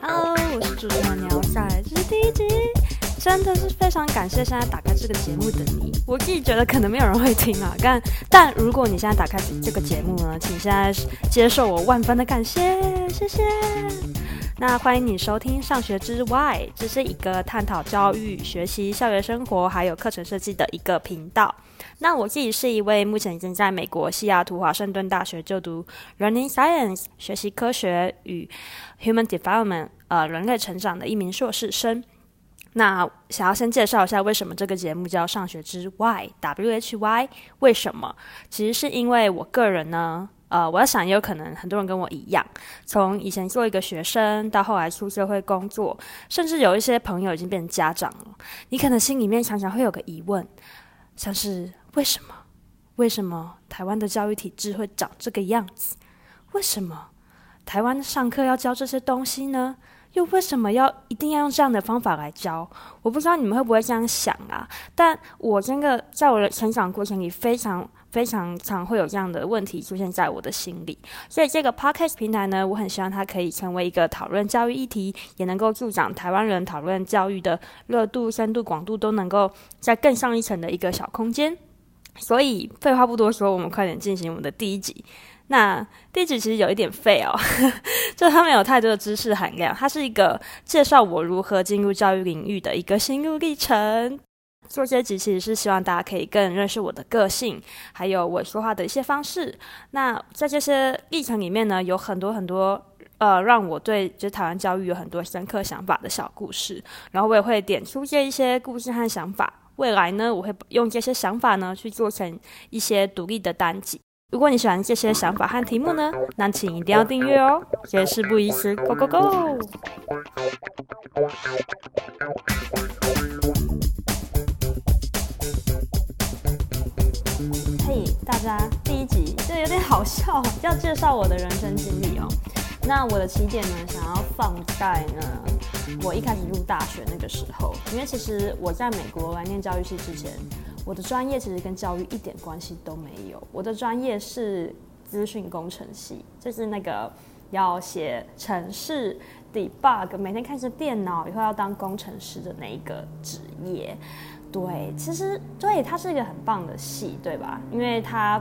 Hello，我是主持人鳥仔，這是第一集，真的是非常感謝現在打開這個節目的你。我自己覺得可能沒有人會聽啊，但但如果你現在打開這個節目呢，請現在接受我萬分的感謝，謝謝。那歡迎你收聽《上學之外》，這是一個探討教育、學習、校園生活還有課程設計的一個頻道。那我自己是一位目前已經在美國西雅圖華盛頓大學就讀 Learning Science 學習科學與 Human Development 呃，人類成長的一名碩士生。那想要先介紹一下為什麼這個節目叫《上學之外》W H Y 為什麼？其實是因為我個人呢。呃，我要想，也有可能很多人跟我一樣，從以前做一個學生，到後來出社會工作，甚至有一些朋友已經變成家長了。你可能心裡面常常會有個疑問，像是為什麼？為什麼台灣的教育體制會長這個樣子？為什麼台灣上課要教這些東西呢？又為什麼要一定要用這樣的方法來教？我不知道你們會不會這樣想啊？但我真的在我的成長過程裡非常。非常常會有這樣的問題出現在我的心裡，所以這個 podcast 平台呢，我很希望它可以成為一個討論教育議題，也能夠助長台灣人討論教育的熱度、深度、廣度，都能夠在更上一層的一個小空間。所以廢話不多說，我們快點進行我們的第一集。那第一集其實有一點廢哦，呵呵，就它沒有太多的知識含量，它是一個介紹我如何進入教育領域的一個心路歷程。做這些集其實是希望大家可以更認識我的個性，還有我說話的一些方式。那在這些歷程裡面呢，有很多很多呃，讓我對就台灣教育有很多深刻想法的小故事。然後我也會點出這一些故事和想法。未來呢，我會用這些想法呢去做成一些獨立的單集。如果你喜歡這些想法和題目呢，那請一定要訂閱哦。謝謝，事不宜遲，Go Go Go！嘿、hey,，大家，第一集，這有點好笑，要介紹我的人生經歷哦。那我的起點呢，想要放在呢，我一開始入大學那個時候，因為其實我在美國來念教育系之前，我的專業其實跟教育一點關係都沒有，我的專業是資訊工程系，就是那個要寫程式、debug，每天看着電腦，以後要當工程師的那一個職業。對，其實對它是一個很棒的系對吧？因為它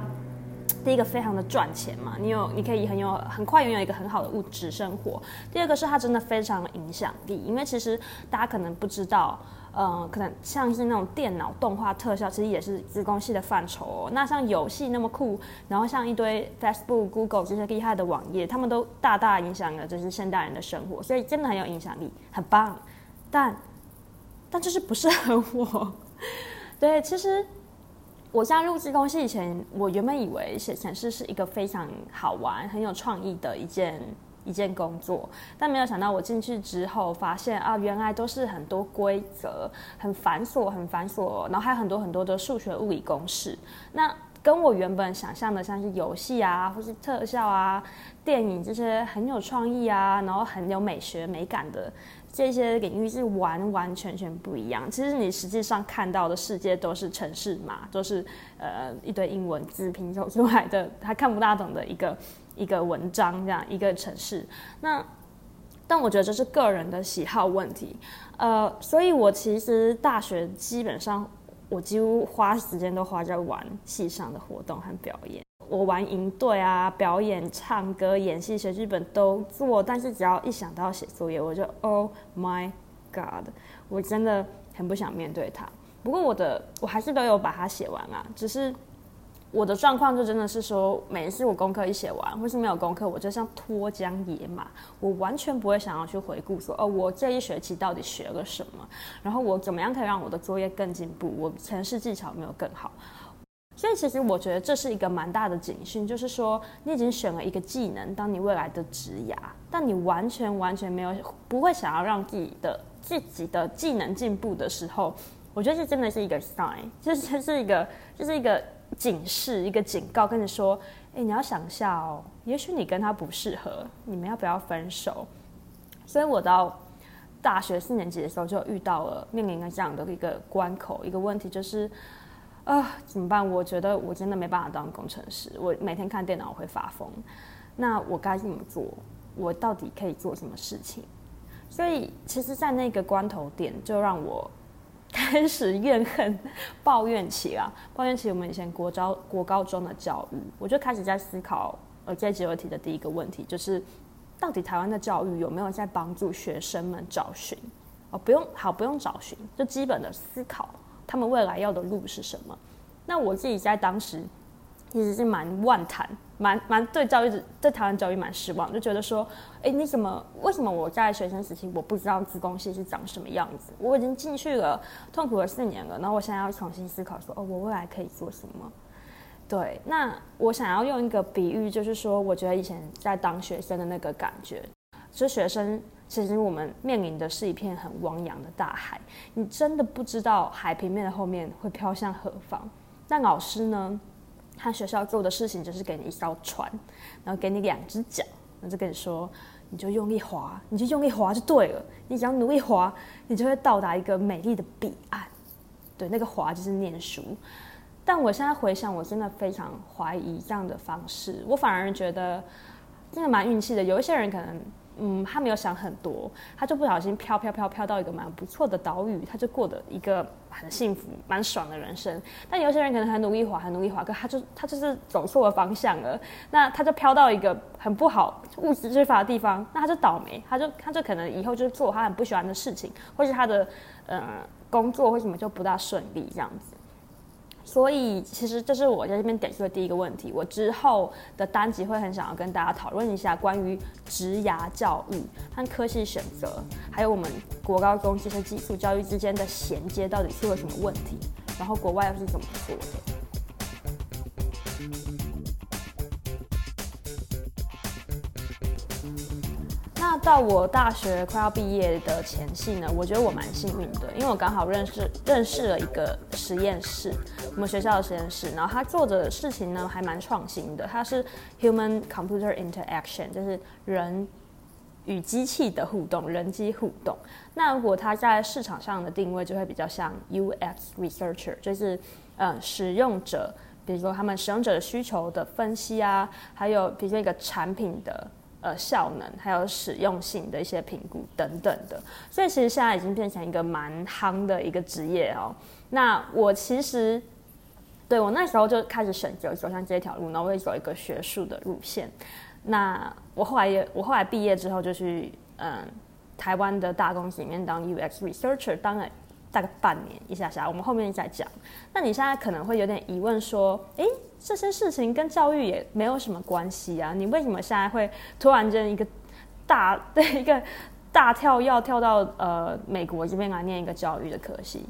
第一個非常的賺錢嘛，你有你可以很有很快擁有一個很好的物質生活。第二個是它真的非常的影響力，因為其實大家可能不知道，嗯、呃，可能像是那種電腦動畫特效，其實也是資工系的範疇哦。那像遊戲那麼酷，然後像一堆 Facebook、Google 這些厲害的網頁，它們都大大影響了就是現代人的生活，所以真的很有影響力，很棒。但但就是不適合我。對，其實我像入職公司以前，我原本以為寫程式是一個非常好玩、很有創意的一件一件工作，但沒有想到我進去之後，發現啊，原來都是很多規則，很繁瑣，很繁瑣，然後還有很多很多的數學物理公式。那跟我原本想象的，像是遊戲啊，或是特效啊、電影這些很有創意啊，然後很有美學美感的。這些領域是完完全全不一樣。其實你實際上看到的世界都是城市嘛，都是呃一堆英文字拼湊出來的，他看不大懂的一個一個文章，這樣一個城市。那但我覺得這是個人的喜好問題。呃，所以我其實大學基本上我幾乎花時間都花在玩戲上的活動和表演。我玩營隊啊，表演唱歌、演戲、寫劇本都做，但是只要一想到寫作業，我就 Oh my God！我真的很不想面對它。不過我的我還是都有把它寫完啊，只是我的狀況就真的是說，每一次我功課一寫完或是沒有功課，我就像脫韁野馬，我完全不會想要去回顧說，哦，我這一學期到底學了什麼？然後我怎麼樣可以讓我的作業更進步？我前世技巧沒有更好。所以，其實我覺得這是一個蠻大的警訊，就是說你已經選了一個技能當你未來的職業，但你完全完全沒有不會想要讓自己的自己的技能進步的時候，我覺得這真的是一個 sign，就是這是一個就是一個警示，一個警告，跟你說，哎、欸，你要想一下哦，也許你跟他不適合，你們要不要分手？所以，我到大學四年級的時候就遇到了，面臨了這樣的一個關口，一個問題就是。啊、呃，怎麼辦？我覺得我真的沒辦法當工程師，我每天看電腦我會發瘋。那我該怎麼做？我到底可以做什麼事情？所以，其實，在那個關頭點，就讓我開始怨恨、抱怨起啊，抱怨起我們以前國招、國高中的教育。我就開始在思考，呃，這集提的第一個問題就是，到底台灣的教育有沒有在幫助學生們找尋？哦，不用，好，不用找尋，就基本的思考。他們未來要的路是什麼？那我自己在當時其實是蠻妄談，蠻蠻對教育、對台灣教育蠻失望，就覺得說，誒，你怎麼為什麼我在學生時期我不知道資工系是長什麼樣子？我已經進去了，痛苦了四年了，然後我現在要重新思考說，哦，我未來可以做什麼？對，那我想要用一個比喻，就是說，我覺得以前在當學生的那個感覺，就是學生。其實我們面臨的是一片很汪洋的大海，你真的不知道海平面的後面會飄向何方。但老師呢？他學校做的事情就是給你一艘船，然後給你兩隻腳，然後就跟你說，你就用力划，你就用力划就對了。你只要努力划，你就會到達一個美麗的彼岸。對，那個划就是念書。但我現在回想，我真的非常懷疑這樣的方式。我反而覺得真的蠻運氣的。有一些人可能。嗯，他沒有想很多，他就不小心飄飄飄飄到一個蠻不錯的島嶼，他就過得一個很幸福、蠻爽的人生。但有些人可能很努力滑，很努力滑，可他就他就是走錯了方向了，那他就飄到一個很不好、物質缺乏的地方，那他就倒霉，他就他就可能以後就做他很不喜歡的事情，或是他的呃工作或什麼就不大順利這樣子。所以，其實這是我在這邊點出的第一個問題。我之後的單集會很想要跟大家討論一下關於職涯教育和科系選擇，還有我們國高中這些基礎教育之間的銜接到底出了什麼問題，然後國外又是怎麼做的？那到我大學快要畢業的前夕呢，我覺得我蠻幸運的，因為我剛好認識認識了一個實驗室。我們學校的實驗室，然後他做的事情呢，還蠻創新的。他是 human-computer interaction，就是人與機器的互動，人機互動。那如果他在市場上的定位就會比較像 UX researcher，就是、呃、使用者，比如說他們使用者的需求的分析啊，還有比如說一個產品的呃效能，還有使用性的一些評估等等的。所以其實現在已經變成一個蠻夯的一個職業哦。那我其實。對，我那時候就開始選擇走向這條路，然後也走一個學術的路線。那我後來也，我後來畢業之後，就去嗯、呃，台灣的大公司裡面當 UX researcher，當了大概半年，一下下。我們後面再講。那你現在可能會有點疑問，說，誒,這些事情跟教育也沒有什麼關係啊,你為什麼現在會突然間一個大，對，一個大跳要跳到，呃，美國這邊來念一個教育的科系？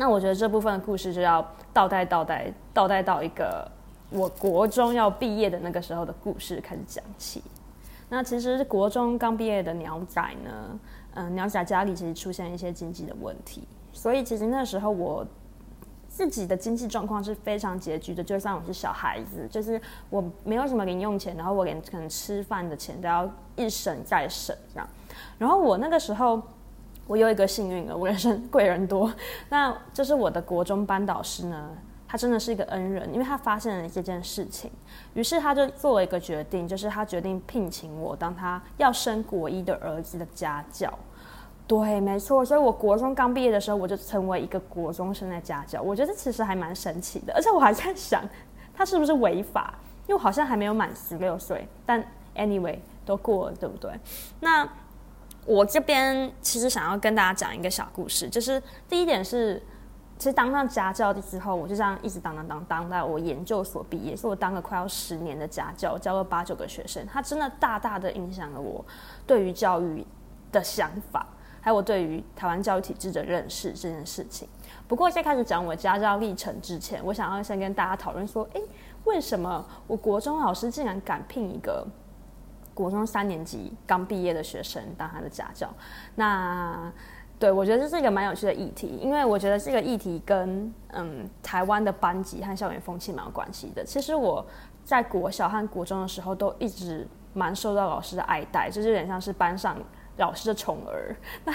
那我覺得這部分的故事就要倒帶倒帶倒帶到一個我國中要畢業的那個時候的故事開始講起。那其實國中剛畢業的鳥仔呢，嗯、呃，鳥仔家裡其實出現一些經濟的問題，所以其實那時候我自己的經濟狀況是非常拮據的，就算我是小孩子，就是我沒有什麼零用錢，然後我連可能吃飯的錢都要一省再省這樣。然後我那個時候。我有一個幸運的，我人生貴人多。那就是我的國中班導師呢，他真的是一個恩人，因為他發現了這件事情，於是他就做了一個決定，就是他決定聘請我當他要升國一的兒子的家教。對，沒錯。所以我國中剛畢業的時候，我就成為一個國中生的家教。我覺得這其實還蠻神奇的，而且我還在想，他是不是違法？因為我好像還沒有滿十六歲，但 anyway 都過了，對不對？那。我這邊其實想要跟大家講一個小故事，就是第一點是，其實當上家教的時候，我就這樣一直當當當當到我研究所畢業，所以我當了快要十年的家教，我教了八九個學生，他真的大大的影響了我對於教育的想法，還有我對於台灣教育體制的認識這件事情。不過在開始講我家教歷程之前，我想要先跟大家討論說，哎、欸，為什麼我國中老師竟然敢聘一個？國中三年級剛畢業的學生當他的家教，那對我覺得這是一個蠻有趣的議題，因為我覺得這個議題跟嗯台灣的班級和校園風氣蠻有關係的。其實我在國小和國中的時候都一直蠻受到老師的愛戴，就是有點像是班上老師的寵兒。那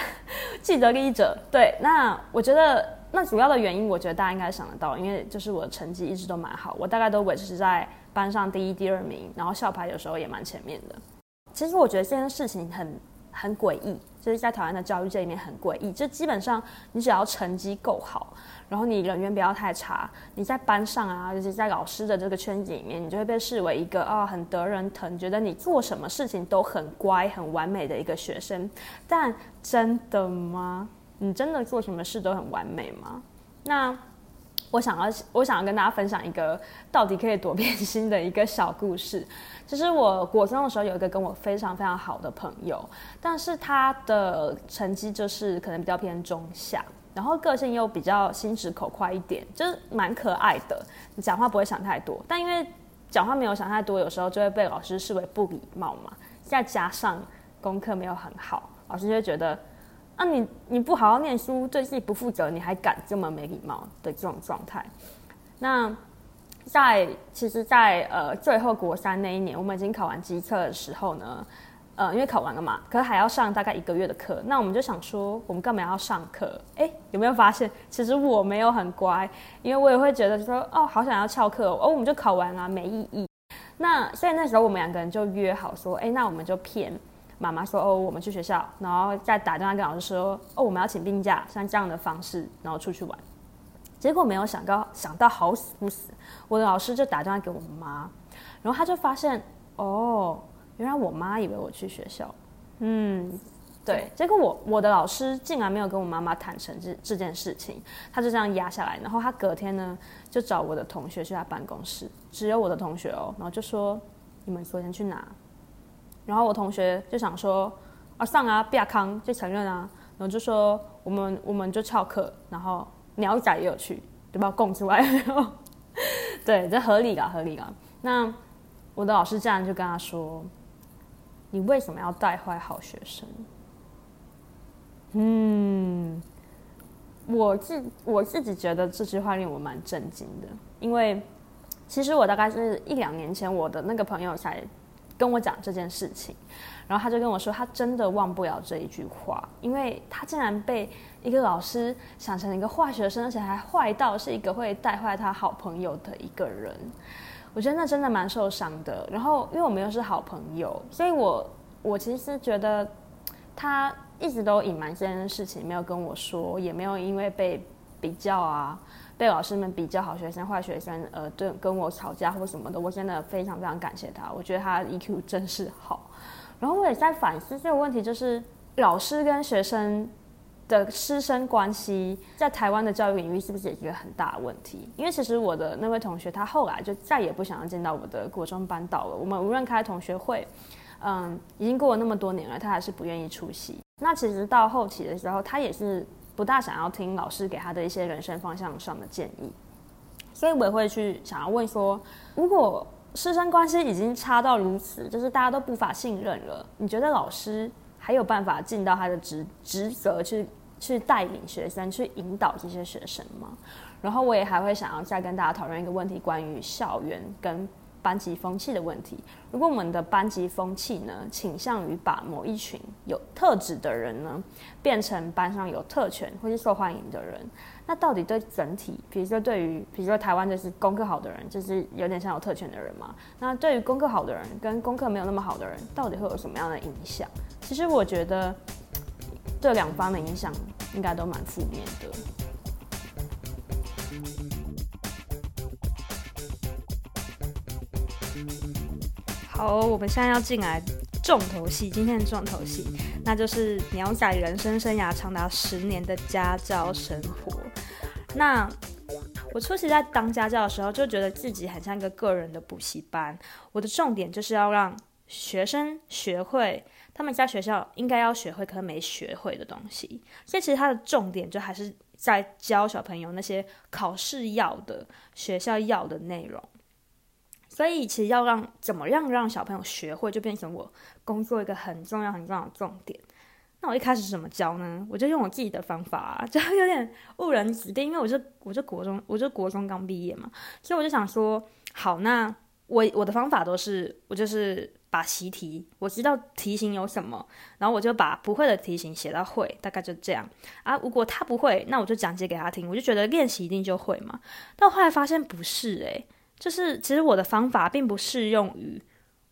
既得利益者，對，那我覺得那主要的原因，我覺得大家應該想得到，因為就是我的成績一直都蠻好，我大概都維持在班上第一、第二名，然後校排有時候也蠻前面的。其實我覺得這件事情很很詭異，就是在台灣的教育這裡面很詭異。就基本上，你只要成績夠好，然後你人緣不要太差，你在班上啊，就是在老師的這個圈子裡面，你就會被視為一個啊很得人疼，覺得你做什麼事情都很乖、很完美的一個學生。但真的嗎？你真的做什麼事都很完美嗎？那我想要，我想要跟大家分享一個到底可以多變心的一個小故事。其實我國中的時候有一個跟我非常非常好的朋友，但是他的成績就是可能比較偏中下，然後個性又比較心直口快一點，就是蠻可愛的，你講話不會想太多。但因為講話沒有想太多，有時候就會被老師視為不禮貌嘛。再加上功課沒有很好，老師就會覺得，那、啊、你你不好好念書，對自己不負責，你還敢這麼沒禮貌的這種狀態，那。在其實在，在呃最後國三那一年，我們已經考完基測的時候呢，呃，因為考完了嘛，可是還要上大概一個月的課。那我們就想說，我們幹嘛要上課？哎，有沒有發現，其實我沒有很乖，因為我也會覺得說，哦，好想要翹課哦。哦我們就考完啊，沒意義。那所以那時候我們兩個人就約好說，哎，那我們就騙媽媽說，哦，我們去學校，然後再打電話跟老師說，哦，我們要請病假，像這樣的方式，然後出去玩。結果沒有想到，想到好死不死，我的老師就打電話給我媽，然後他就發現，哦，原來我媽以為我去學校，嗯，對。對，結果我我的老師竟然沒有跟我媽媽坦承這這件事情，他就這樣壓下來。然後他隔天呢，就找我的同學去他辦公室，只有我的同學哦，然後就說，你們昨天去哪？然後我同學就想說，啊上啊，畢亞康就承認啊，然後就說，我們我們就翹課，然後。鳥仔也有趣，對吧？供出來， 對，這合理啊，合理啊。那我的老師這樣就跟他說：“你為什麼要帶壞好學生？”嗯，我自我自己覺得這句話令我蠻震驚的，因為其實我大概是一兩年前，我的那個朋友才跟我講這件事情。然後他就跟我說，他真的忘不了這一句話，因為他竟然被一個老師想成了一個壞學生，而且還壞到是一個會帶壞他好朋友的一個人。我覺得那真的蠻受傷的。然後，因為我們又是好朋友，所以我我其實覺得他一直都隱瞞這件事情，沒有跟我說，也沒有因為被比較啊，被老師們比較好學生、壞學生，呃，對，跟我吵架或什麼的，我真的非常非常感謝他。我覺得他 EQ 真是好。然後我也在反思這個問題，就是老師跟學生的師生關係，在台灣的教育領域是不是也是一個很大的問題？因為其實我的那位同學，他後來就再也不想要見到我的國中班導了。我們無論開同學會，嗯，已經過了那麼多年了，他還是不願意出席。那其實到後期的時候，他也是不大想要聽老師給他的一些人生方向上的建議。所以我也會去想要問說，如果。師生關係已經差到如此，就是大家，都不法信任了，你覺得老師還有辦法盡到他的職職責，去去帶領學生，去引導這些學生嗎？然後我也還會想要再跟大家討論一個問題，關於校園跟班級風氣的問題。如果我們的班級風氣呢，傾向於把某一群有特質的人呢，變成班上有特權或是受歡迎的人。那到底對整體，比如說對於，比如說台灣，就是功課好的人，就是有點像有特權的人嘛。那對於功課好的人跟功課沒有那麼好的人，到底會有什麼樣的影響？其實我覺得，這兩方的影響應該都蠻負面的。好，我們現在要進來重頭戲，今天的重頭戲，那就是鳥仔人生生涯長達十年的家教生活。那我初期在當家教的時候，就覺得自己很像一個個人的補習班。我的重點就是要讓學生學會他們在學校應該要學會，可是沒學會的東西。所以其實他的重點就還是在教小朋友那些考試要的、學校要的內容。所以其實要讓怎麼樣讓小朋友學會，就變成我工作一個很重要、很重要的重點。那我一開始怎麼教呢？我就用我自己的方法啊，就有點誤人子弟，因為我是我是國中，我就國中剛畢業嘛，所以我就想說，好，那我我的方法都是我就是把習題，我知道題型有什麼，然後我就把不會的題型寫到會，大概就這樣啊。如果他不會，那我就講解給他聽，我就覺得練習一定就會嘛。但後來發現不是，欸，哎，就是其實我的方法並不適用於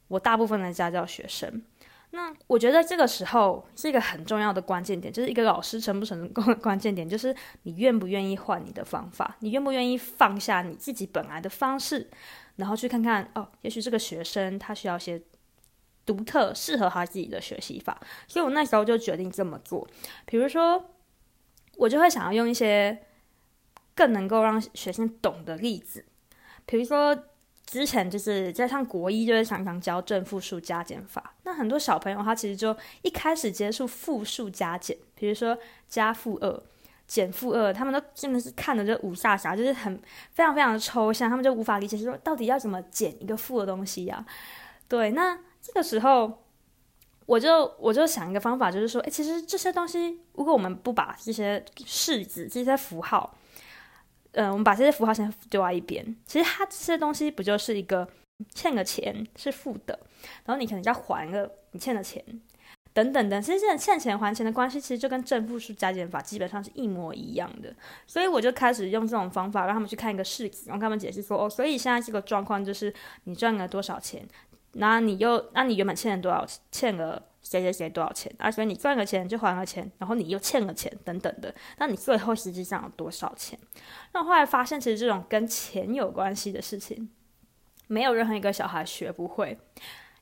我大部分的家教學生。那我覺得這個時候是一個很重要的關鍵點，就是一個老師成不成功的關鍵點，就是你願不願意換你的方法，你願不願意放下你自己本來的方式，然後去看看哦，也許這個學生他需要些獨特適合他自己的學習法。所以我那時候就決定這麼做，比如說，我就會想要用一些更能夠讓學生懂的例子，比如說。之前就是在上國一，就是常常教正負數加減法。那很多小朋友他其實就一開始接觸負數加減，比如說加負二、減負二，他們都真的是看的就霧煞煞，就是很非常非常的抽象，他們就無法理解說到底要怎麼減一個負的東西呀，啊？對，那這個時候我就我就想一個方法，就是說，哎，欸，其實這些東西如果我們不把這些式子，這些符號。嗯，我們把這些符號先丟在一邊。其實它這些東西不就是一個欠的錢是負的，然後你可能要還一個你欠的錢，等等等。其實現在欠錢還錢的關係，其實就跟正負數加減法基本上是一模一樣的。所以我就開始用這種方法讓他們去看一個式子，讓他們解釋說：哦，所以現在這個狀況就是你賺了多少錢，那你又那你原本欠了多少欠了。誰誰誰多少錢？啊，而且你賺了錢就還了錢，然後你又欠了錢，等等的。那你最後實際上有多少錢？那後來發現，其實這種跟錢有關係的事情，沒有任何一個小孩學不會，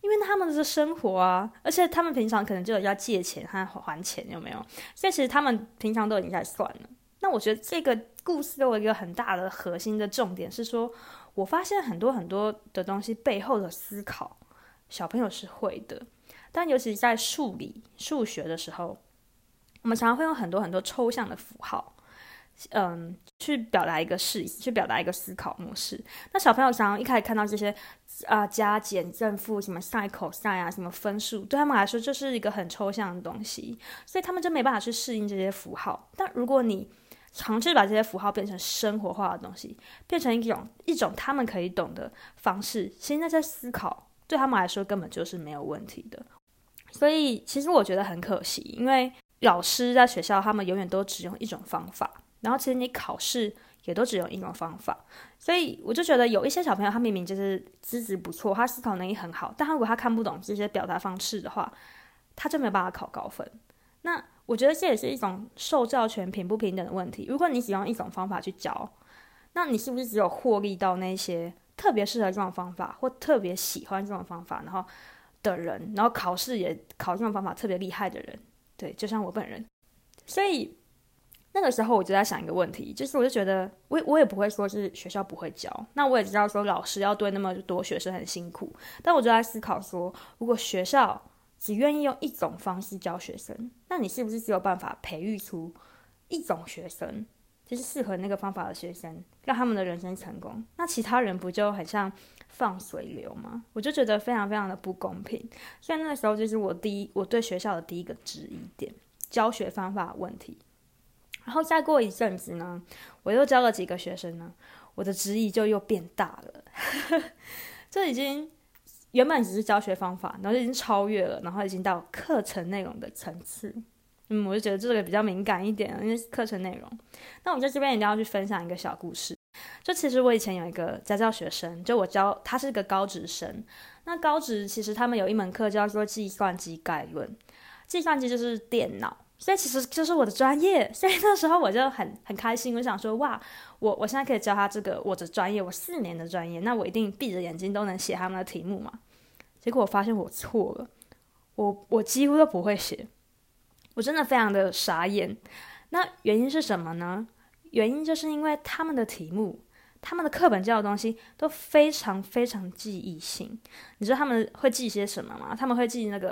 因為他們的生活啊，而且他們平常可能就要借錢和還錢，有沒有？所以其實他們平常都已經在算了。那我覺得這個故事有一個很大的核心的重點是說，我發現很多很多的東西背後的思考，小朋友是會的。但尤其在數理、數學的時候，我們常常會用很多很多抽象的符號，嗯，去表達一個事，去表達一個思考模式。那小朋友常常一開始看到這些，啊、呃，加減正負什麼 sin cos 啊，什麼分數，對他們來說，就是一個很抽象的東西，所以他們就沒辦法去適應這些符號。但如果你嘗試把這些符號變成生活化的東西，變成一種一種他們可以懂的方式，其實那些思考對他們來說根本就是沒有問題的。所以其實我覺得很可惜，因為老師在學校，他們永遠都只用一種方法，然後其實你考試也都只用一種方法，所以我就覺得有一些小朋友，他明明就是資質不錯，他思考能力很好，但如果他看不懂這些表達方式的話，他就沒有辦法考高分。那我覺得這也是一種受教權平不平等的問題。如果你只用一種方法去教，那你是不是只有獲利到那些特別適合這種方法或特別喜歡這種方法，然後……的人，然後考試也考這種方法特別厲害的人，對，就像我本人。所以那個時候我就在想一個問題，就是我就覺得，我也我也不會說是學校不會教，那我也知道說老師要對那麼多學生很辛苦，但我就在思考說，如果學校只願意用一種方式教學生，那你是不是只有辦法培育出一種學生，就是適合那個方法的學生，讓他們的人生成功？那其他人不就很像放水流嘛，我就覺得非常非常的不公平。所以那時候就是我第一，我對學校的第一個質疑點，教學方法問題。然後再過一陣子呢，我又教了幾個學生呢，我的質疑就又變大了。這 已經原本只是教學方法，然後已經超越了，然後已經到課程內容的層次。嗯，我就覺得這個比較敏感一點，因為課程內容。那我在這邊一定要去分享一個小故事。就其實我以前有一個家教學生，就我教他是一個高職生。那高職其實他們有一門課叫做計算機概論，計算機就是電腦，所以其實就是我的專業。所以那時候我就很很開心，我想說哇，我我現在可以教他這個我的專業，我四年的專業，那我一定閉着眼睛都能寫他們的題目嘛。結果我發現我錯了，我我幾乎都不會寫，我真的非常的傻眼。那原因是什麼呢？原因就是因為他們的題目，他們的課本教的東西都非常非常記憶性。你知道他們會記一些什麼嗎？他們會記那個，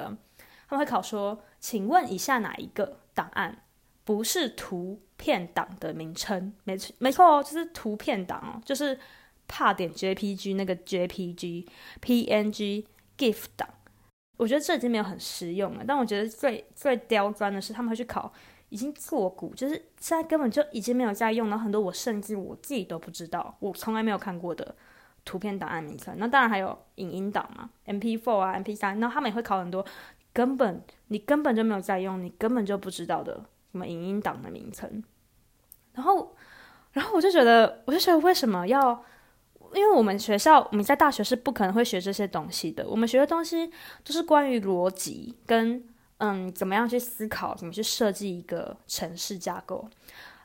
他們會考說，請問以下哪一個檔案不是圖片檔的名稱？沒沒錯、哦、就是圖片檔、哦、就是怕點 jpg 那個 jpg png gif 檔。我覺得這已經沒有很實用了，但我覺得最最刁鑽的是他們會去考已經作古，就是現在根本就已經沒有在用了，很多我甚至我自己都不知道，我從來沒有看過的圖片檔案名稱。那當然還有影音檔嘛，MP4 啊、MP3，然後他們也會考很多，根本你根本就沒有在用，你根本就不知道的什麼影音檔的名稱。然後，然後我就覺得，我就覺得為什麼要？因為我們學校我們在大學是不可能會學這些東西的，我們學的東西都是關於邏輯跟。嗯，怎麼樣去思考？怎麼去設計一個程式架構？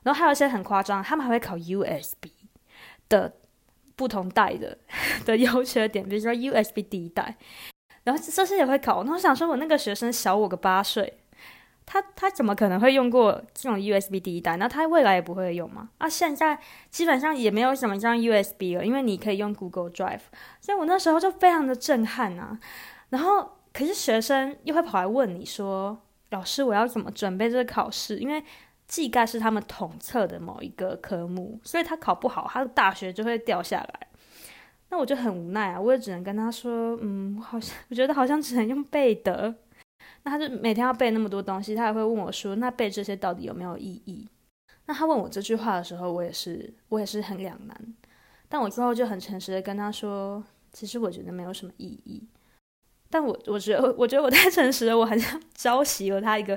然後還有一些很誇張，他們還會考 USB 的不同代的的優缺點，比如說 USB 第一代，然後這些也會考。那我想說，我那個學生小我個八歲，他他怎麼可能會用過這種 USB 第一代？那他未來也不會用嗎？啊，現在基本上也沒有什麼像 USB 了，因為你可以用 Google Drive。所以我那時候就非常的震撼啊。然後。可是學生又會跑來問你說：“老師，我要怎麼準備這個考試？因為計概是他們統測的某一個科目，所以他考不好，他的大學就會掉下來。”那我就很無奈啊，我也只能跟他說：“嗯，我好像我覺得好像只能用背的。”那他就每天要背那麼多東西，他也會問我說：“那背這些到底有沒有意義？”那他問我這句話的時候，我也是我也是很兩難。但我最後就很誠實的跟他說：“其實我覺得沒有什麼意義。”但我我覺得，我覺得我太誠實了。我很想抄襲了他一個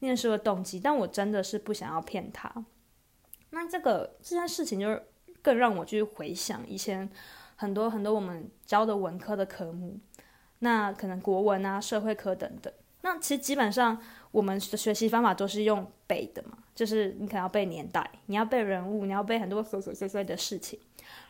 唸書的動機，但我真的是不想要騙他。那這個這件事情就是更讓我去回想以前很多很多我們教的文科的科目，那可能國文啊、社會科等等。那其實基本上我們的學習方法都是用背的嘛，就是你可能要背年代，你要背人物，你要背很多瑣瑣碎碎的事情。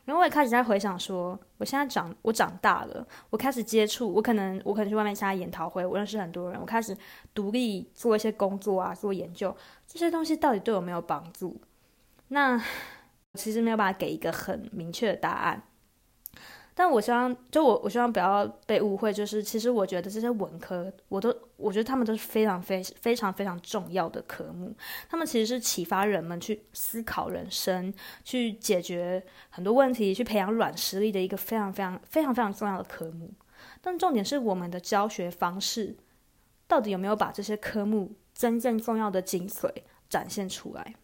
因為我也開始在回想說，說我現在長，我長大了，我開始接觸，我可能，我可能去外面參加研討會，我認識很多人，我開始獨立做一些工作啊，做研究，這些東西到底對我沒有幫助？那我其實沒有辦法給一個很明確的答案。但我希望，就我，我希望不要被誤會，就是其實我覺得這些文科，我都，我覺得他們都是非常、非非常、非常重要的科目。他們其實是啟發人們去思考人生、去解決很多問題、去培養軟實力的一個非常、非常、非常、非常重要的科目。但重點是，我們的教學方式到底有沒有把這些科目真正重要的精髓展現出來？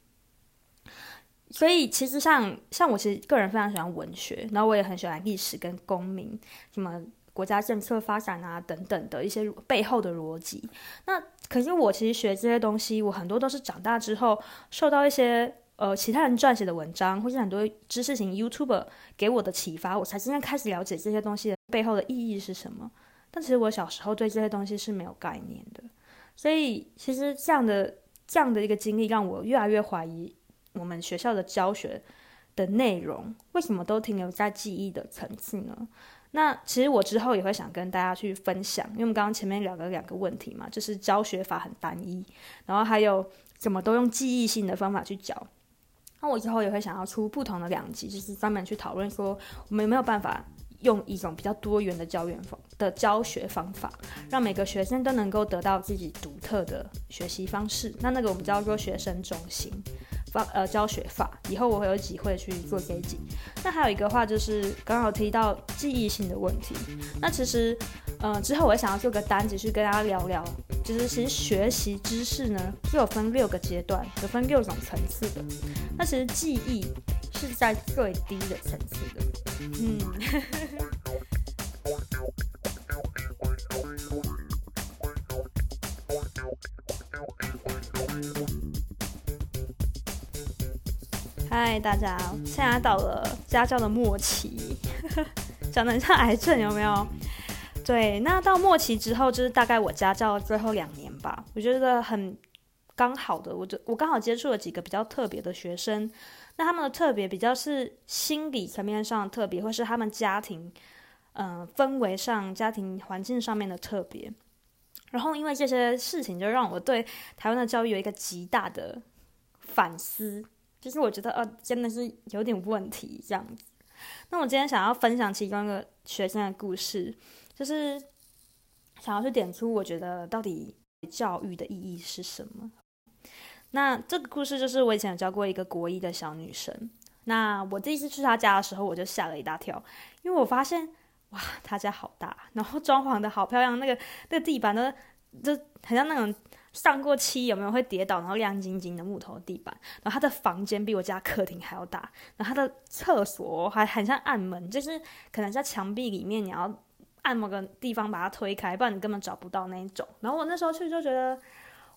所以其實像像我其實個人非常喜歡文學，然後我也很喜歡歷史跟公民，什麼國家政策發展啊等等的一些背後的邏輯。那可是我其實學這些東西，我很多都是長大之後受到一些呃其他人撰寫的文章，或是很多知識型 YouTuber 給我的啟發，我才真正開始了解這些東西的背後的意義是什麼。但其實我小時候對這些東西是沒有概念的，所以其實這樣的這樣的一個經歷，讓我越來越懷疑。我們學校的教學的內容為什麼都停留在記憶的層次呢？那其實我之後也會想跟大家去分享，因為我們剛剛前面聊了兩個問題嘛，就是教學法很單一，然後還有怎麼都用記憶性的方法去教。那我之後也會想要出不同的兩集，就是專門去討論說，我們有沒有辦法用一種比較多元的教員方的教學方法，讓每個學生都能夠得到自己獨特的學習方式。那那個我們叫做學生中心。呃，教學法以後我會有機會去做這一集。那還有一個話就是，剛好提到記憶性的問題。那其實，嗯、呃，之後我想要做個單集去跟大家聊聊。其實，其實學習知識呢，是有分六個階段，有分六種層次的。那其實記憶是在最低的層次的。嗯。 嗨，大家，現在到了家教的末期，講 得像癌症有沒有？對，那到末期之後，就是大概我家教最後兩年吧。我覺得很剛好的，我就我剛好接觸了幾個比較特別的學生，那他們的特別，比較是心理層面上的特別，或是他們家庭，嗯、呃，氛圍上、家庭環境上面的特別。然後因為這些事情，就讓我對台灣的教育有一個極大的反思。其實我覺得，呃、啊，真的是有點問題這樣子。那我今天想要分享其中一個學生的故事，就是想要去點出，我覺得到底教育的意義是什麼。那這個故事就是我以前有教過一個國一的小女生。那我第一次去她家的時候，我就嚇了一大跳，因為我發現，哇，她家好大，然後裝潢的好漂亮，那個那個地板都，就很像那種。上過漆有沒有會跌倒，然後亮晶晶的木頭的地板，然後他的房間比我家客廳還要大，然後他的廁所還很像暗門，就是可能在牆壁裡面你要按某個地方把它推開，不然你根本找不到那種。然後我那時候去就覺得，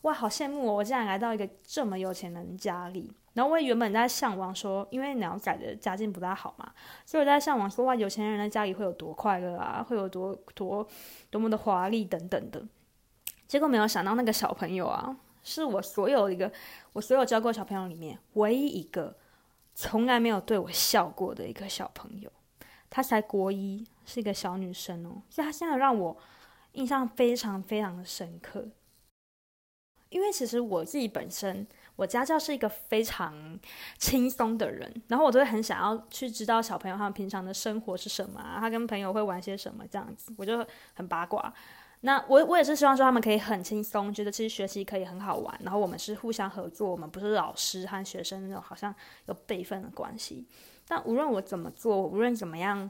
哇，好羨慕哦，我竟然來到一個這麼有錢人的家裡。然後我也原本在向往說，因為你要改的家境不大好嘛，所以我在向往說，哇，有錢人的家裡會有多快樂啊，會有多多多麼的華麗等等的。結果沒有想到，那個小朋友啊，是我所有一個我所有教過小朋友裡面唯一一個從來沒有對我笑過的一個小朋友。她才國一，是一個小女生哦，所以她現在讓我印象非常非常深刻。因為其實我自己本身我家教是一個非常輕鬆的人，然後我都會很想要去知道小朋友他們平常的生活是什麼啊，他跟朋友會玩些什麼這樣子，我就很八卦。那我我也是希望說他們可以很輕鬆，覺得其實學習可以很好玩。然後我們是互相合作，我們不是老師和學生那種好像有輩分的關係。但無論我怎麼做，我無論怎麼樣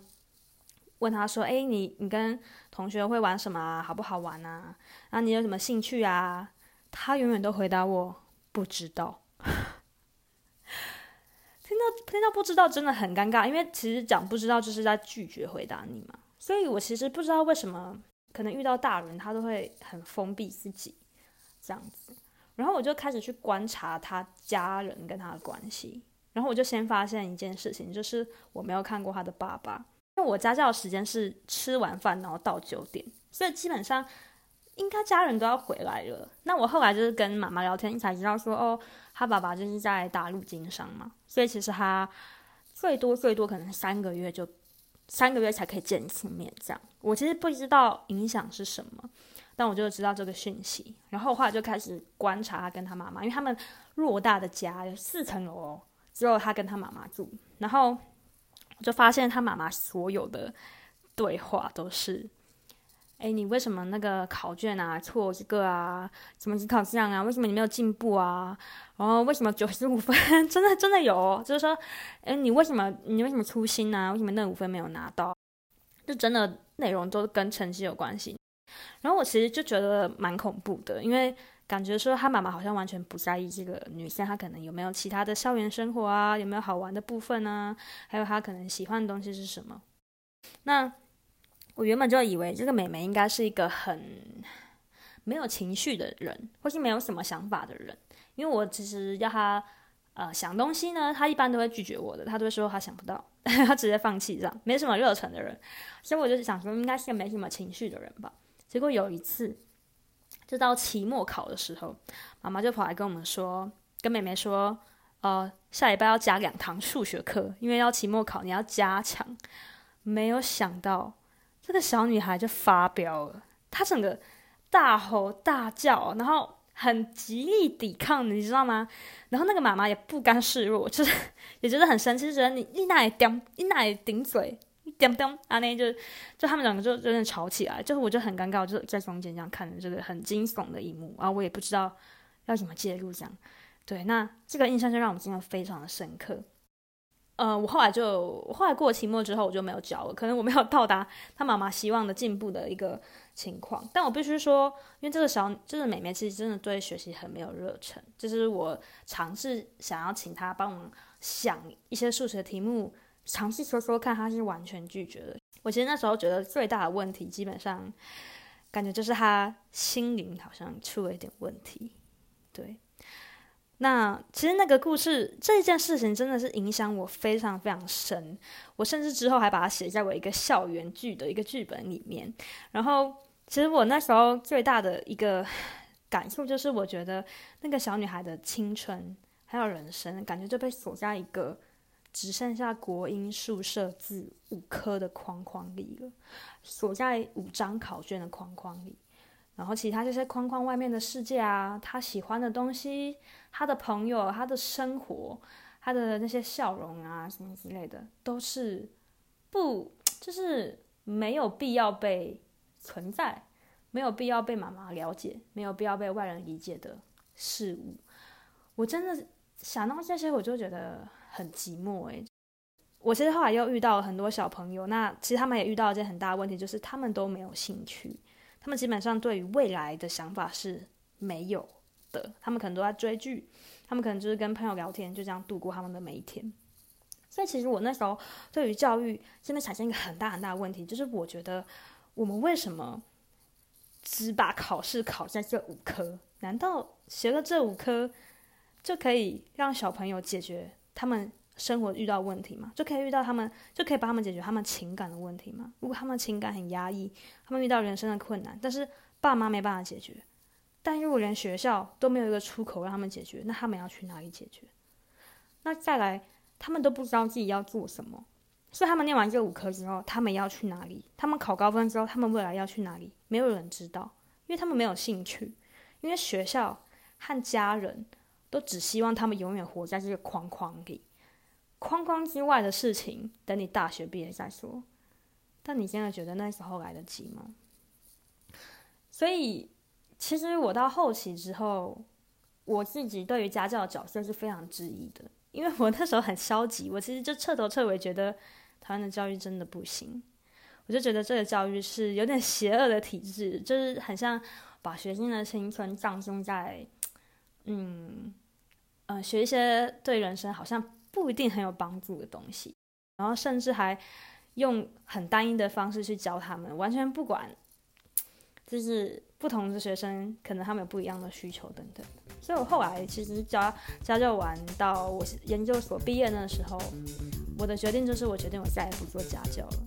問他說：“哎，你你跟同學會玩什麼啊？好不好玩啊？然後你有什麼興趣啊？”他永遠都回答我不知道。 聽到聽到不知道真的很尷尬，因為其實講不知道就是在拒絕回答你嘛。所以我其實不知道為什麼。可能遇到大人，他都會很封閉自己，這樣子。然後我就開始去觀察他家人跟他的關係。然後我就先發現一件事情，就是我沒有看過他的爸爸，因為我家教的時間是吃完飯然後到九點，所以基本上應該家人都要回來了。那我後來就是跟媽媽聊天，才知道說，哦，他爸爸就是在大陸經商嘛，所以其實他最多最多可能三個月就。三個月才可以見一次面，這樣。我其實不知道影響是什麼，但我就知道這個訊息。然後後來就開始觀察他跟他媽媽，因為他們偌大的家有四層樓，只有他跟他媽媽住。然後我就發現他媽媽所有的對話都是。哎，你為什麼那個考卷啊，錯這個啊？怎麼只考這樣啊？為什麼你沒有進步啊？然後為什麼九十五分呵呵？真的真的有、哦，就是說，哎，你為什麼你為什麼粗心啊？為什麼那五分沒有拿到？就真的內容都跟成績有關係。然後我其實就覺得蠻恐怖的，因為感覺說他媽媽好像完全不在意這個女生，她可能有沒有其他的校園生活啊，有沒有好玩的部分啊，還有她可能喜歡的東西是什麼？那。我原本就以為這個妹妹應該是一個很沒有情緒的人，或是沒有什麼想法的人，因為我其實要她呃想東西呢，她一般都會拒絕我的，她都會說她想不到，她直接放棄這樣，沒什麼熱忱的人，所以我就想說應該是個沒什麼情緒的人吧。結果有一次，就到期末考的時候，媽媽就跑來跟我們說，跟妹妹說，呃，下禮拜要加兩堂數學課，因為要期末考，你要加強。沒有想到。這個小女孩就發飆了，她整個大吼大叫，然後很極力抵抗，你知道嗎？然後那個媽媽也不甘示弱，就是也覺得很生氣，覺得你一奶頂一奶頂嘴，一頂頂，啊，那就就他們兩個就真的吵起來，就是我就很尷尬，就在中間這樣看着這個很驚悚的一幕，然後我也不知道要怎麼介入這樣，對，那這個印象就讓我們印象非常的深刻。呃，我後來就，我後來過期末之後，我就沒有教了。可能我沒有到達他媽媽希望的進步的一個情況，但我必須說，因為這個小，這個美美其實真的對學習很沒有熱忱。就是我嘗試想要請他幫忙想一些數學題目，嘗試說說看，他是完全拒絕的。我其實那時候覺得最大的問題，基本上感覺就是他心靈好像出了一點問題，對。那其實那個故事，這件事情真的是影響我非常非常深。我甚至之後還把它寫在我一個校園劇的一個劇本裡面。然後，其實我那時候最大的一個感受就是，我覺得那個小女孩的青春還有人生，感覺就被鎖在一個只剩下國英數社自五科的框框裡了，鎖在五張考卷的框框裡。然後其他這些框框外面的世界啊，他喜歡的東西，他的朋友，他的生活，他的那些笑容啊，什麼之類的，都是不，就是沒有必要被存在，沒有必要被媽媽了解，沒有必要被外人理解的事物。我真的想到這些，我就覺得很寂寞欸。我其實後來又遇到了很多小朋友，那其實他們也遇到一件很大的問題，就是他們都沒有興趣。他們基本上對於未來的想法是沒有的，他們可能都在追劇，他們可能就是跟朋友聊天，就這樣度過他們的每一天。所以其實我那時候對於教育真的產生一個很大很大的問題，就是我覺得我們為什麼只把考試考在這五科？難道學了這五科就可以讓小朋友解決他們？生活遇到問題嘛，就可以遇到他們，就可以幫他們解決他們情感的問題嘛。如果他們情感很壓抑，他們遇到人生的困難，但是爸媽沒辦法解決，但如果連學校都沒有一個出口讓他們解決，那他們要去哪裡解決？那再來，他們都不知道自己要做什麼。所以他們念完這五科之後，他們要去哪裡？他們考高分之後，他們未來要去哪裡？沒有人知道，因為他們沒有興趣，因為學校和家人都只希望他們永遠活在這個框框裡。框框之外的事情，等你大學畢業再說。但你現在覺得那時候來得及嗎？所以，其實我到後期之後，我自己對於家教的角色是非常質疑的，因為我那時候很消極，我其實就徹頭徹尾覺得台灣的教育真的不行，我就覺得這個教育是有點邪惡的體制，就是很像把學生的青春葬送在，嗯，嗯、呃，學一些對人生好像。不一定很有幫助的東西，然後甚至還用很單一的方式去教他們，完全不管，就是不同的學生，可能他們有不一樣的需求等等。所以我後來其實教家教，教完到我研究所畢業那時候，我的決定就是我決定我再也不做家教了。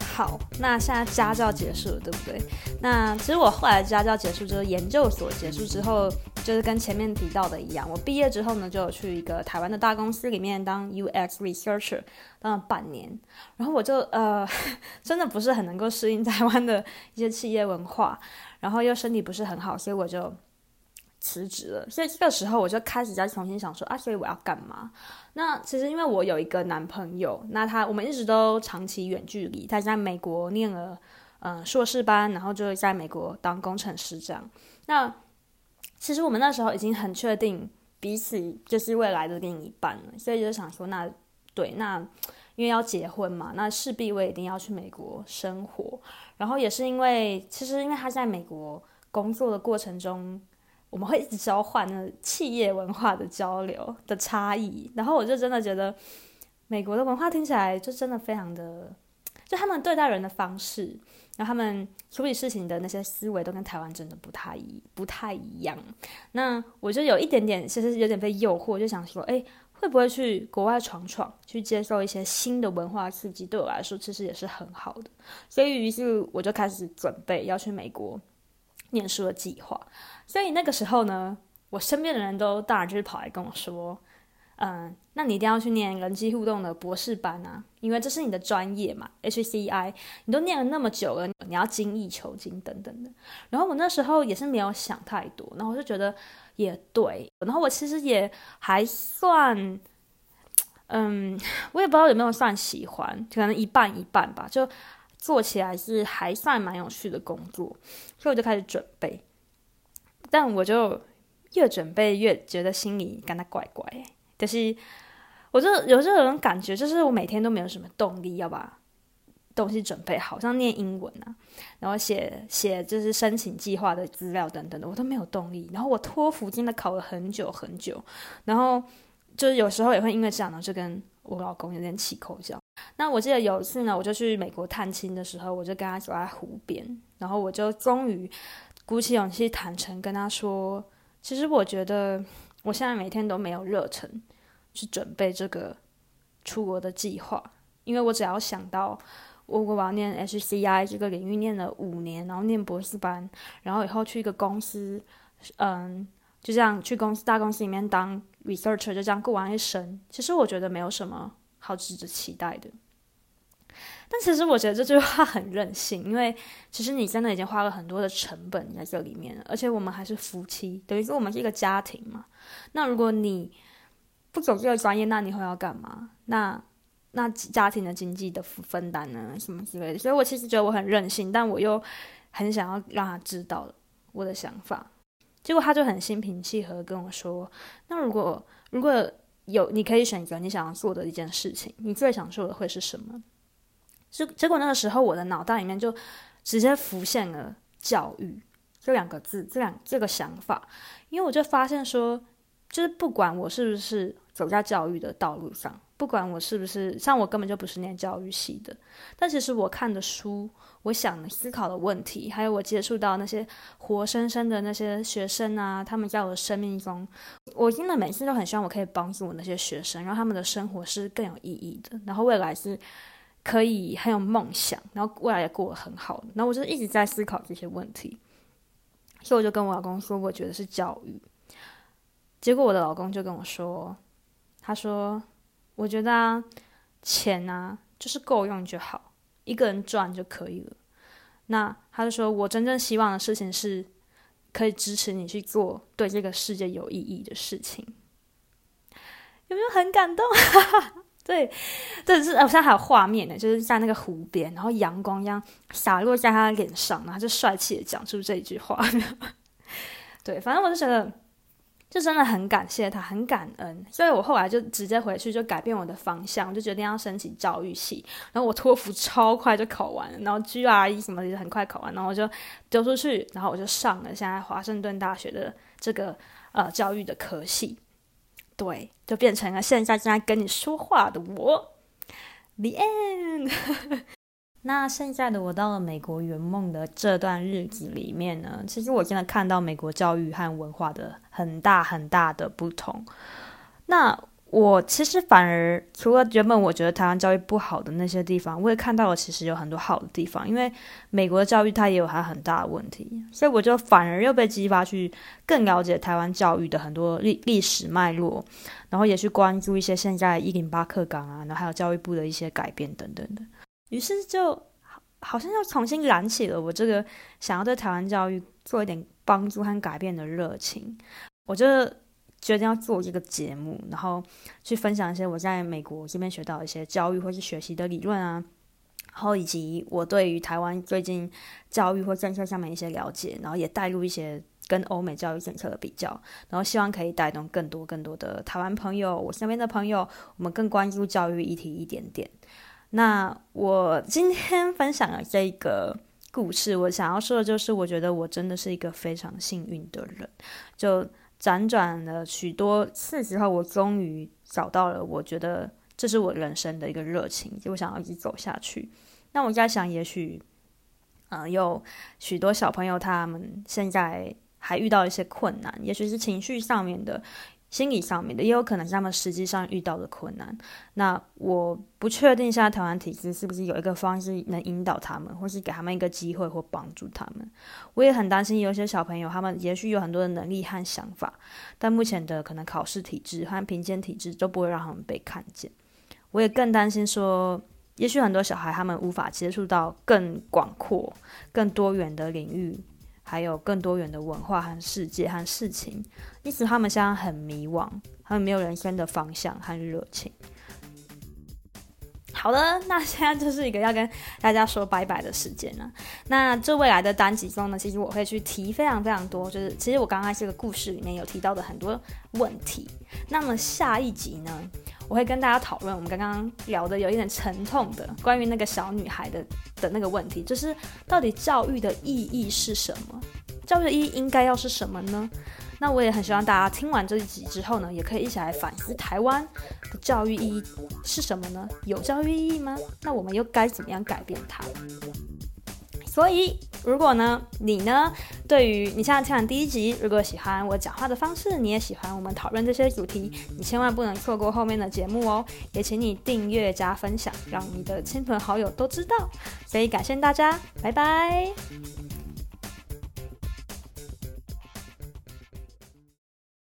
好，那現在家教結束了，對不對？那其實我後來家教結束之後，研究所結束之後。就是跟前面提到的一樣，我畢業之後呢，就去一個台灣的大公司裡面當 UX researcher，當了半年，然後我就呃，真的不是很能夠適應台灣的一些企業文化，然後又身體不是很好，所以我就辭職了。所以這個時候我就開始再重新想說啊，所以我要幹嘛？那其實因為我有一個男朋友，那他我們一直都長期遠距離，他在美國念了嗯、呃、碩士班，然後就在美國當工程師這樣。那其實我們那時候已經很確定彼此就是未來的另一半了，所以就想說那，那對那，因為要結婚嘛，那勢必我一定要去美國生活。然後也是因為，其實因為他在美國工作的過程中，我們會一直交換那企業文化的交流的差異，然後我就真的覺得美國的文化聽起來就真的非常的，就他們對待人的方式。然後他們處理事情的那些思維都跟台灣真的不太一，不太一樣，那我就有一點點，其實有點被誘惑，就想說，哎，會不會去國外闖闖，去接受一些新的文化刺激？對我來說，其實也是很好的。所以於是我就開始準備要去美國念書的計劃。所以那個時候呢，我身邊的人都當然就是跑來跟我說。嗯，那你一定要去念人機互動的博士班啊，因為這是你的專業嘛，HCI。你都念了那麼久了，你要精益求精等等的。然後我那時候也是沒有想太多，然後我就覺得也對。然後我其實也還算，嗯，我也不知道有沒有算喜歡，可能一半一半吧。就做起來是還算蠻有趣的工作，所以我就開始準備。但我就越準備越覺得心裡感到怪怪欸。可、就是，我就有這種感覺，就是我每天都沒有什麼動力要把東西準備好，像念英文啊，然後寫寫就是申請計劃的資料等等的，我都沒有動力。然後我托福真的考了很久很久，然後就是有時候也會因為這樣，然後就跟我老公有點起口角。那我記得有一次呢，我就去美國探親的時候，我就跟他走在湖邊，然後我就終於鼓起勇氣，坦誠跟他說，其實我覺得。我現在每天都沒有熱忱去準備這個出國的計劃，因為我只要想到我我要念 HCI 這個領域，念了五年，然後念博士班，然後以後去一個公司，嗯，就這樣去公司，大公司裡面當 researcher，就這樣過完一生，其實我覺得沒有什麼好值得期待的。但其實我覺得這句話很任性，因為其實你真的已經花了很多的成本在這裡面了，而且我們還是夫妻，等於說我們是一個家庭嘛。那如果你不走這個專業，那你會要幹嘛？那那家庭的經濟的分擔呢？什麼之類的？所以，我其實覺得我很任性，但我又很想要讓他知道我的想法。結果他就很心平氣和跟我說：“那如果如果有，你可以選擇你想要做的一件事情，你最想做的會是什麼？”就結果那個時候，我的腦袋裡面就直接浮現了“教育”這兩個字，這兩這個想法。因為我就發現說，就是不管我是不是走在教育的道路上，不管我是不是像我根本就不是念教育系的，但其實我看的書，我想思考的問題，還有我接觸到那些活生生的那些學生啊，他們在我的生命中，我真的每次都很希望我可以幫助我那些學生，讓他們的生活是更有意義的，然後未來是。可以很有夢想，然後未來也過得很好。然後我就一直在思考這些問題，所以我就跟我老公說，我覺得是教育。結果我的老公就跟我說，他說我覺得啊錢啊，就是夠用就好，一個人賺就可以了。那他就說我真正希望的事情是，可以支持你去做對這個世界有意義的事情。有沒有很感動？ 對，對是，哦，我現在還有畫面呢，就是在那個湖邊，然後陽光一樣灑落在他的臉上，然後就帥氣的講出這一句話呵呵。對，反正我就覺得，就真的很感謝他，很感恩，所以我後來就直接回去就改變我的方向，我就決定要申請教育系，然後我托福超快就考完了，然後 GRE 什麼的就很快考完，然後我就丟出去，然後我就上了現在華盛頓大學的這個呃教育的科系。對，就變成了現在正在跟你說話的我，The End。 那現在的我到了美國圓夢的這段日子裡面呢，其實我真的看到美國教育和文化的很大很大的不同。那我其實反而除了原本我覺得台灣教育不好的那些地方，我也看到了其實有很多好的地方。因為美國的教育它也有它很大的問題，所以我就反而又被激發去更了解台灣教育的很多歷歷史脈絡，然後也去關注一些現在一零八課綱啊，然後還有教育部的一些改變等等的。於是就好像又重新燃起了我這個想要對台灣教育做一點幫助和改變的熱情。我覺得。決定要做這個節目，然後去分享一些我在美國這邊學到的一些教育或是學習的理論啊，然後以及我對於台灣最近教育或政策上面一些了解，然後也帶入一些跟歐美教育政策的比較，然後希望可以帶動更多更多的台灣朋友，我身邊的朋友，我們更關注教育議題一點點。那我今天分享的這個故事，我想要說的就是，我覺得我真的是一個非常幸運的人，就。輾轉了許多次之後，我終於找到了，我覺得這是我人生的一個熱情，就我想要一直走下去。那我在想也，也許，嗯，有許多小朋友他們現在還遇到一些困難，也許是情緒上面的。心理上面的，也有可能是他們實際上遇到的困難。那我不確定現在台灣體制是不是有一個方式能引導他們，或是給他們一個機會，或幫助他們。我也很擔心，有些小朋友他們也許有很多的能力和想法，但目前的可能考試體制和評鑑體制都不會讓他們被看見。我也更擔心說，也許很多小孩他們無法接觸到更廣闊、更多元的領域。還有更多元的文化和世界和事情，因此他們現在很迷惘，他們沒有人生的方向和熱情。好的，那現在就是一個要跟大家說拜拜的時間了。那這未來的單集中呢，其實我會去提非常非常多，就是其實我剛剛在這個故事裡面有提到的很多問題。那麼下一集呢？我會跟大家討論我們剛剛聊的有一點沉痛的，關於那個小女孩的的那個問題，就是到底教育的意義是什麼？教育的意義應該要是什麼呢？那我也很希望大家聽完這一集之後呢，也可以一起來反思台灣的教育意義是什麼呢？有教育意義嗎？那我們又該怎麼樣改變它？所以，如果呢，你呢，對於你現在聽完第一集，如果喜歡我講話的方式，你也喜歡我們討論這些主題，你千萬不能錯過後面的節目哦。也請你訂閱加分享，讓你的親朋好友都知道。所以感謝大家，拜拜。